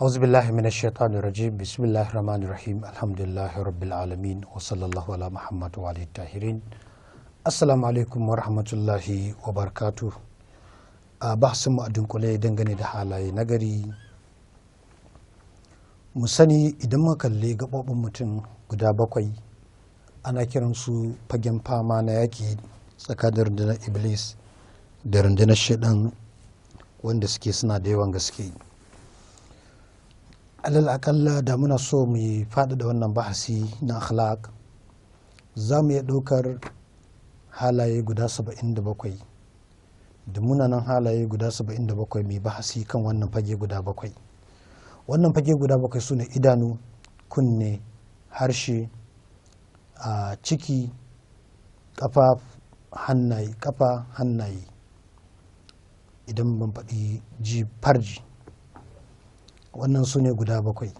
أعوذ بالله من الشيطان الرجيم بسم الله الرحمن الرحيم الحمد لله رب العالمين وصلى الله على mu a dunkule dangane da halaye nagari mu sani idan muka kalli gaɓoɓin mutum guda bakwai ana kiransu fagen fama na yaƙi tsakanin rundunar iblis da rundunar shaɗan wanda suke suna da yawan gaske alal akalla da muna so mu yi faɗaɗa wannan bahasi na akhlaq za mu iya ɗaukar halaye guda 77 da muna nan halaye guda 77 mai bahasi kan wannan fage guda bakwai wannan fage guda bakwai su ne idanu kunne harshe a ciki kafa hannaye kafa hannaye idan ban faɗi ji farji wannan su ne guda bakwai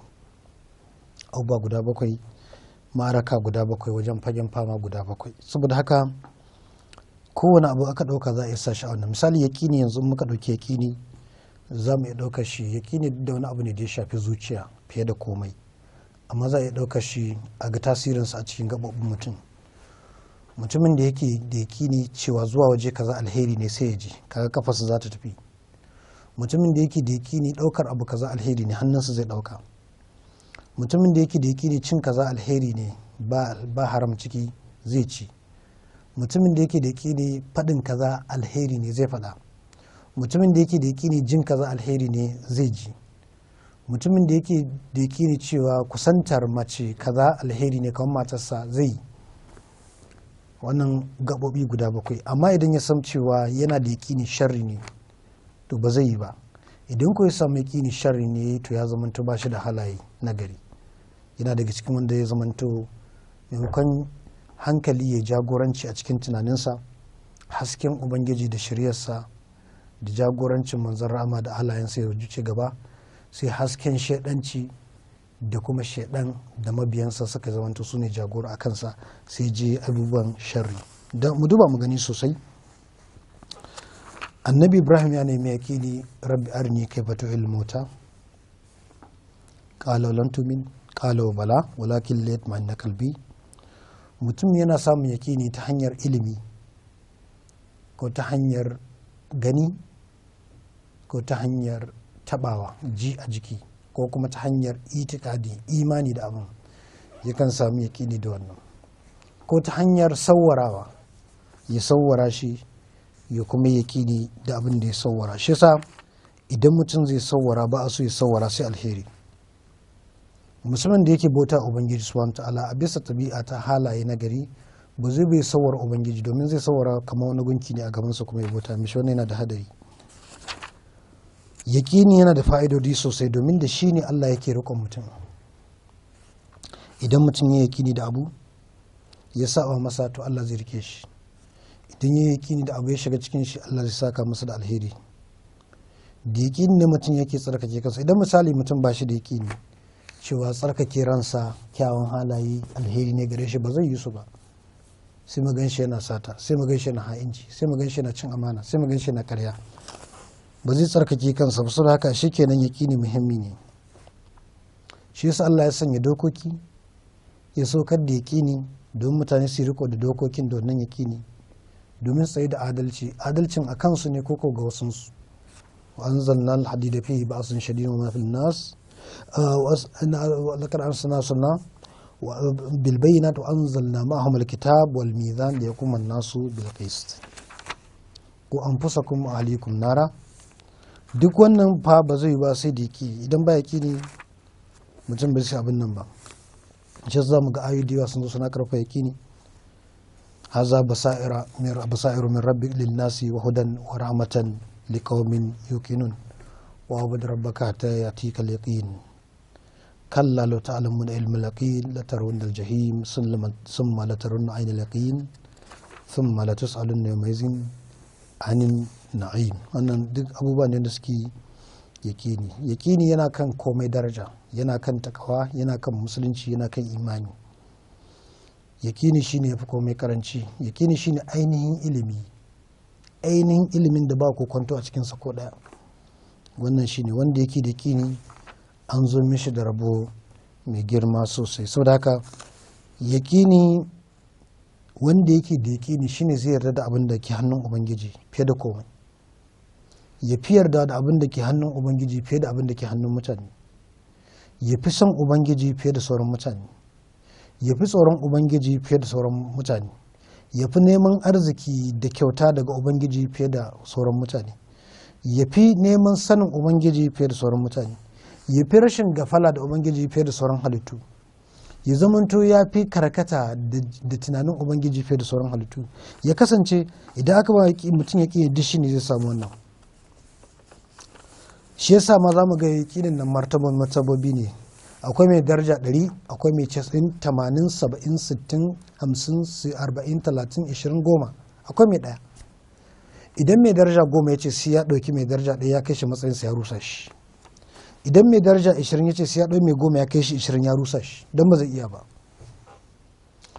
abubuwa guda bakwai ma'araka guda bakwai wajen fagen fama guda bakwai saboda haka kowane abu aka ɗauka za a isa shi a wannan misali yaƙini yanzu muka ɗauki yaƙini za mu iya ɗaukar shi yaƙini da wani abu ne da ya shafi zuciya fiye da komai amma za a iya ɗaukar shi a ga tasirinsa a cikin gaɓoɓin mutum mutumin da yake da yaƙini cewa zuwa waje kaza alheri ne sai ya je kaga kafarsa za ta tafi mutumin da yake da ne daukar abu kaza alheri ne hannunsa zai dauka mutumin da yake da ne cin kaza alheri ne ba haram ciki zai ci mutumin da yake da ne faɗin kaza alheri ne zai faɗa mutumin da yake da ne jin kaza alheri ne zai ji mutumin da yake da ne cewa kusantar mace kaza alheri ne kamar matarsa zai yi wannan gaɓoɓi guda bakwai amma idan ya san cewa yana da ne sharri ne to ba zai yi ba idan ku ya samu kini sharri ne to ya zamanto ba shi da halaye na gari yana daga cikin wanda ya zamanto maimakon hankali ya jagoranci a cikin tunaninsa hasken ubangiji da shiryarsa da jagorancin manzan rama da halayensa ya wuce gaba sai hasken shaidanci da kuma shaidan da mabiyansa suka zamanta su ne jagora a kansa sai je abubuwan sharri da mu duba mu gani sosai annabi ibrahim ya nemi yakini rabbi arni kai batu ilmota qala lan tumin qala bala walakin late ma na kalbi mutum yana samun yakini ta hanyar ilimi ko ta hanyar gani ko ta hanyar tabawa ji a jiki ko kuma ta hanyar itikadi imani da abin yakan samu yakini da wannan ko ta hanyar sauwarawa ya sauwara shi ya kuma kini da abin da ya sauwara shi sa idan mutum zai sauwara ba a so ya sauwara sai alheri musamman da yake bauta ubangiji subhanahu ta'ala a bisa tabi'a ta halaye na gari ba zai bai sawwara ubangiji domin zai sauwara kamar wani gunki ne a gaban sa kuma ya bauta mishi wannan yana da hadari yaƙini yana da fa'idodi sosai domin da shi ne Allah yake rikon mutum idan mutum ya yi yaƙini da abu ya saba masa to Allah zai rike shi idan ya yi da abu ya shiga cikin shi Allah zai saka masa da alheri da yaƙini ne mutum yake tsarkake kansa idan misali mutum ba shi da yaƙini cewa tsarkake ransa kyawun halaye alheri ne gare shi ba zai yi su ba sai mu ganshi yana sata sai mu ganshi yana ha'inci sai mu ganshi yana cin amana sai mu ganshi yana karya ba zai tsarkake kansa ba saboda haka shikenan yaƙini muhimmi ne shi yasa Allah ya sanya dokoki ya saukar da yaƙini don mutane su riko da dokokin da wannan yaƙini domin tsaye da adalci adalcin a kansu ne koko ga wasansu wanzan nan hadida fi ba sun shaɗi mafi nas lakar uh, an suna suna bilbayi na to an zalna ma hamar kitab wal mizan da ya kuma nasu bilkist ko an fusa kuma alikum nara duk wannan fa ba zai ba sai da ki idan ba ya ki ne mutum ba zai abin nan ba shi za mu ga ayu diwa sun suna karfa ya ki ne هذا بصائر من بصائر من رب للناس وهدى ورحمة لقوم يوقنون وعبد ربك حتى يأتيك اليقين كلا لو تعلمون علم اليقين لترون الجحيم ثم لترون عين اليقين ثم لتسألن يومئذ عن النعيم أنا دك أبو بني نسكي يكيني يقيني ينا كان كومي درجة ينا كان تقوى ينا كان مسلمشي ينا كان إيماني yakini shine yafi komai karanci yakini shine ainihin ilimi ainihin ilimin da ba ku kwanto a cikin ko ɗaya wannan shine wanda yake da kini an zo mishi da rabo mai girma sosai saboda haka yakini wanda yake da yakini shine zai yarda da abin da ke hannun ubangiji fiye da komai ya fi yarda da abin da ke hannun ubangiji fiye da abin da ke hannun mutane ya fi son ubangiji fiye da sauran mutane ya fi tsoron ubangiji fiye da sauran mutane ya fi neman arziki da kyauta daga ubangiji fiye da sauran mutane ya fi neman sanin ubangiji fiye da sauran mutane ya fi rashin gafala da ubangiji fiye da sauran halittu ya zamanto ya fi karkata da tunanin ubangiji fiye da sauran halittu ya kasance idan aka ba mutum ya ƙi dishi ne zai samu wannan shi yasa ma za mu ga yaƙinin nan martaban martabobi ne akwai mai daraja 100 akwai mai 80 80 70 60 40 30 20 akwai mai daya idan mai daraja goma ya ce sai ya ɗauki mai daraja ɗaya ya kai shi matsayin sa ya rusa shi idan mai daraja 20 ya ce sai ya ɗauki mai goma ya kai shi 20 ya rusa shi don ba zai iya ba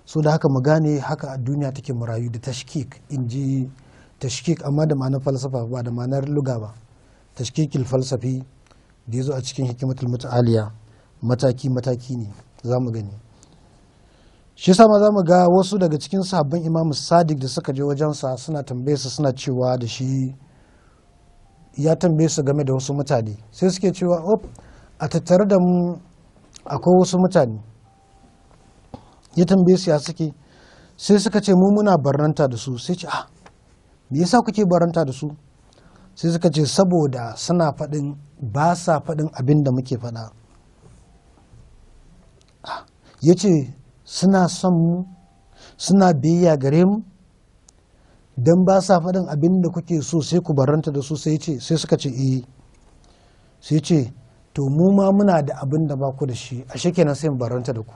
so da haka mu gane haka a duniya take mu rayu da tashkik in ji tashkik amma da ma'anar falsafa ba da ma'anar luga ba tashkikil falsafi da ya zo a cikin hikimatul mutu'aliya mataki-mataki ne za mu gani shi sama za mu ga wasu daga cikin sabbin imamu sadiq da suka je wajensa suna tambaye su suna cewa da shi ya tambaye su game da wasu mutane sai suke cewa op a tattare da mu akwai wasu mutane ya tambaye su ya suke sai suka ce mu muna baranta da su sai ce ah me yasa kuke baranta da su sai suka ce saboda suna faɗin ba sa faɗin abin da muke faɗa ya ce suna son mu suna biyayya gare mu don ba sa faɗin abin da kuke so sai ku baranta da su sai ce sai suka ce eh sai ce to mu ma muna da abin da ba ku da shi a shekenan sai mu baranta da ku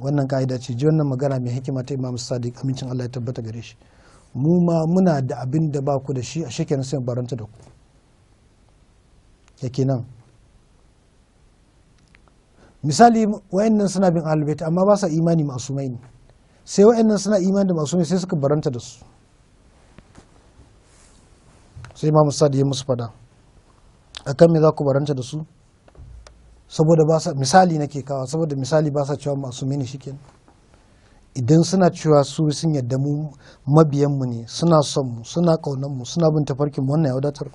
wannan ka'ida ce ji wannan magana mai hikima ta imam sadiq amincin allah ya tabbata gare shi mu ma muna da abin da ba ku da shi a shekenan sai mu baranta da ku yake nan misali wayannan suna bin albaita amma ba sa imani masumai ne sai wayannan suna imani da masumai sai suka baranta da su sai imamu sadi ya musu fada kan me za ku baranta da su saboda ba sa misali nake kawa saboda misali ba sa cewa masumai ne shikenan idan suna cewa su sun yadda mu mabiyanmu ne suna son mu suna kaunan mu suna bin tafarkin mu wannan ya wadatar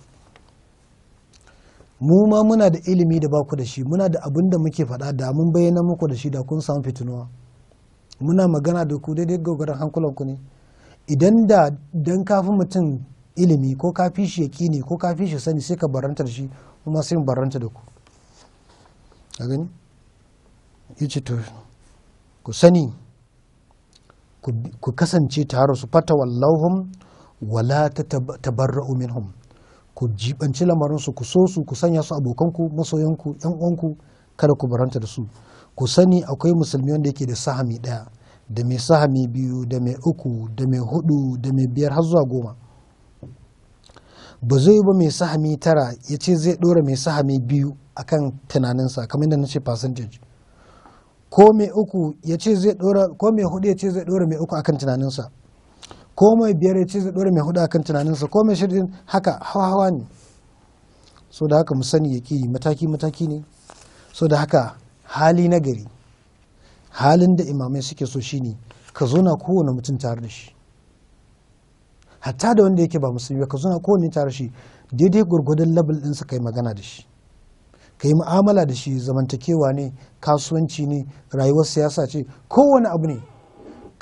mu ma muna da ilimi da baku da shi muna da abin da muke faɗa da mun bayyana muku da shi da kun samu fitinuwa muna magana da ku daidai hankulan hankulanku ne idan da dan kafi mutum ilimi ko ka fi shi yaƙini ko ka fi shi sani sai ka baranta da shi kuma sai mu baranta da ku ku sani ku kasance tare su fata wallahum wala ta tabarra'u minhum ku jibanci lamarinsu ku so su ku sanya su abokanku masoyanku yan uwanku kada ku baranta da su ku sani akwai musulmi wanda yake da sahami ɗaya da mai sahami biyu da mai uku da mai hudu da mai biyar har zuwa goma ba zai ba mai sahami tara ya ce zai ɗora mai sahami biyu akan tunaninsa kamar da na ce percentage ko mai uku ya ce zai dora ko mai hudu ya ce zai ɗora mai uku akan tunaninsa ko mai biyar ya ce zai ɗora mai hudu akan tunaninsa ko mai shirin haka hawa ne so da haka mu sani ya ki mataki mataki ne so da haka hali na gari halin da imamai suke so shine ka zo na kowane mutum tare da shi hatta da wanda yake ba musulmi ka zo na kowane tare da shi daidai gwargwadon label ɗinsa ka yi magana da shi ka yi mu'amala da shi zamantakewa ne kasuwanci ne rayuwar siyasa ce kowane abu ne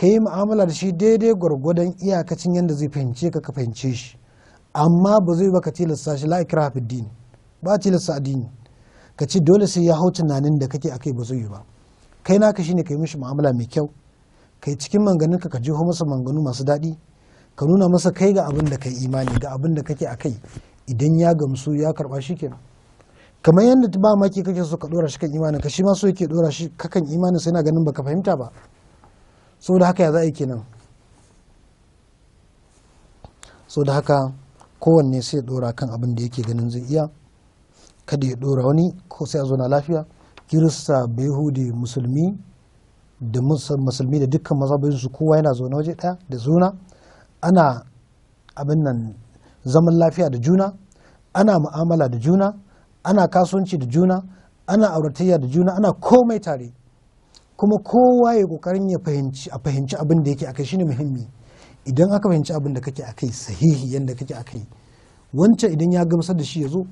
ka yi mu'amala da shi daidai gwargwadon iyakacin yadda zai fahimce ka ka fahimce shi amma ba zai baka tilasta shi la'ikira hafi din ba tilasta addini ka ce dole sai ya hau tunanin da kake akai ba zai ba kai naka shine ka yi mishi mu'amala mai kyau kai cikin manganin ka ka ho masa manganu masu daɗi ka nuna masa kai ga abin da kai imani ga abin da kake akai idan ya gamsu ya karba shi kenan kamar yadda ba maki kake so ka dora shi kan imanin ka shi ma so yake dora shi kakan imanin sai na ganin baka fahimta ba so da haka ya za a yi kenan so da haka kowanne sai ya dora kan abin da yake ganin zai iya kada ya dora wani ko sai a zo na lafiya kirista bai musulmi da musulmi da dukkan mazhabin su kowa yana zaune waje ɗaya da zuna ana abin nan zaman lafiya da juna ana mu'amala da juna ana kasuwanci da juna ana auratayya da juna ana komai tare kuma kowa ya kokarin ya fahimci a fahimci abin da yake akai shine muhimmi idan aka fahimci abin da kake akai sahihi yanda kake akai wancan idan ya gamsar da shi ya zo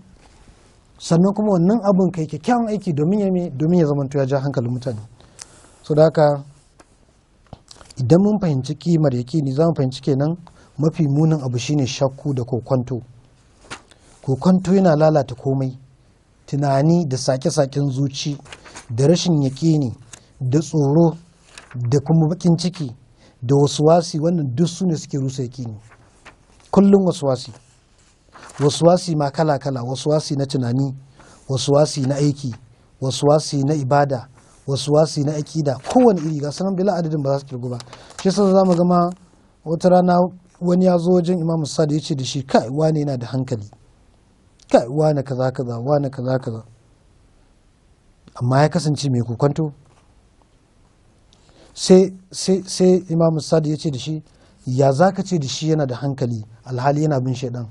sannan kuma wannan abin kai kyakkyawan aiki domin ya me domin ya zamanto ya ja hankalin mutane so da haka idan mun fahimci kimar ni za mu fahimci kenan mafi munin abu shine shakku da kokwanto kokwanto yana lalata komai tunani da sake-saken zuci da rashin yakini da tsoro da kuma bakin ciki da wasuwasi wannan duk su ne suke rusa ne. kullum wasuwasi wasuwasi ma kala-kala wasuwasi na tunani wasuwasi na aiki wasuwasi na ibada wasuwasi na aƙida kowane iri ga sanan bila adadin ba za su kirgu ba shi sa za mu gama wata rana wani ya zo wajen imamu sadi ya ce da shi kai wane yana da hankali kai wane kaza kaza wane kaza kaza amma ya kasance mai kokwanto sai sai sadi ya ce da shi ya za ka ce da shi yana da hankali alhali yana bin shaidan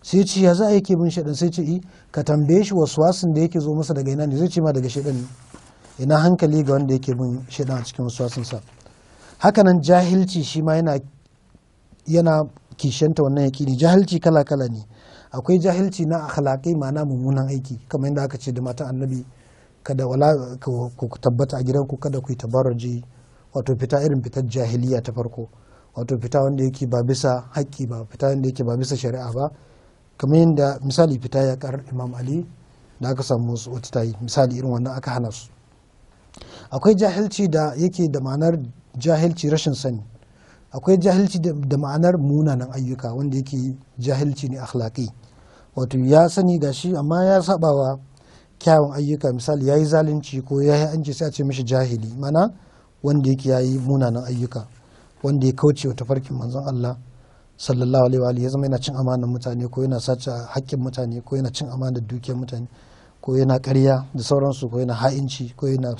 sai ce ya za a yake bin shaidan sai ce eh, ka tambaye shi wasu da yake zo masa daga ina ne zai ce ma daga shaidan ne ina hankali ga wanda yake bin shaidan a cikin wasu sa. hakanan jahilci shi ma yana yana kishanta wannan yaƙini jahilci kala kala ne akwai jahilci na akhlaqi ma'ana mummunan aiki kamar yadda aka ce da matan annabi kada wala ku tabbata a gidanku kada ku yi tabarraji wato fita irin fitar jahiliya ta farko wato fita wanda yake ba bisa haƙƙi ba fita wanda yake ba bisa shari'a ba kamar yadda misali fita ya kar imam ali da aka samu wasu wata tayi misali irin wannan aka hana su akwai jahilci da yake da ma'anar jahilci rashin sani akwai jahilci da ma'anar munanan ayyuka wanda yake jahilci ne akhlaqi wato ya sani gashi amma ya sabawa kyawun ayyuka misali ya yi zalunci ko ya yi anci sai a ce mishi jahili mana wanda yake ya yi munanan ayyuka wanda ya kauce wa tafarkin manzon Allah sallallahu alaihi wa alihi ya zama yana cin amanar mutane ko yana sace haƙƙin mutane ko yana cin amanar dukiyar mutane ko yana ƙarya da sauransu ko yana ha'inci ko yana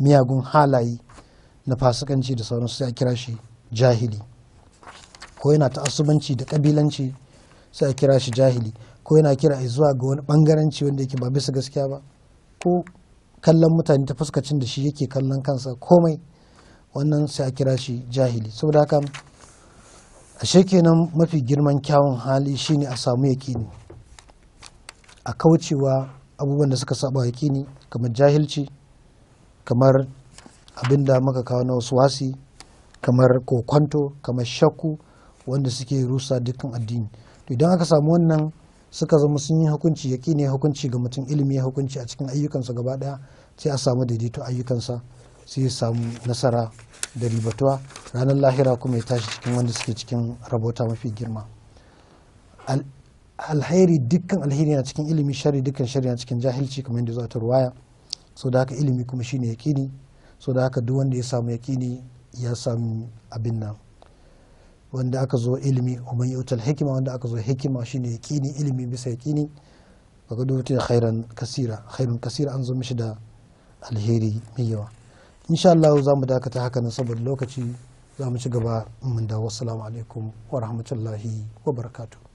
miyagun halaye na fasikanci da sauransu sai a kira shi jahili ko yana ta'assubanci da ƙabilanci sai a kira shi jahili ko yana kira a zuwa ga wani bangaranci wanda yake ba bisa gaskiya ba ko kallon mutane ta fuskacin da shi yake kallon kansa komai wannan sai a kira shi jahili saboda haka sheke nan mafi girman kyawun hali shine a samu yaƙini a kaucewa abubuwan da suka saba yaƙini kamar jahilci kamar abin da muka kawo na wasu wasi kamar kokwanto kamar shakku wanda suke rusa dukkan addini to idan aka samu wannan suka zama sun yi hukunci yaƙi ne hukunci ga mutum ilimi ya hukunci a cikin ayyukansa gaba ɗaya sai a samu daidaito ayyukansa sai ya samu nasara da ribatuwa ranar lahira kuma ya tashi cikin wanda suke cikin rabota mafi girma alheri dukkan alheri na cikin ilimi shari dukkan shari na cikin jahilci kamar yadda za ta ruwaya so da haka ilimi kuma shine yaƙini so da haka duk wanda ya samu yaƙini ya samu abin nan wanda aka zo ilimi wa man yutal hikima wanda aka zo hikima shi ne kini ilimi bisa ya yaqini kaga dutu khairan kasira khairun kasira an zo mishi da alheri mai yawa insha Allah za mu dakata haka nan saboda lokaci za mu ci gaba mun dawo assalamu alaikum wa rahmatullahi wa barakatuh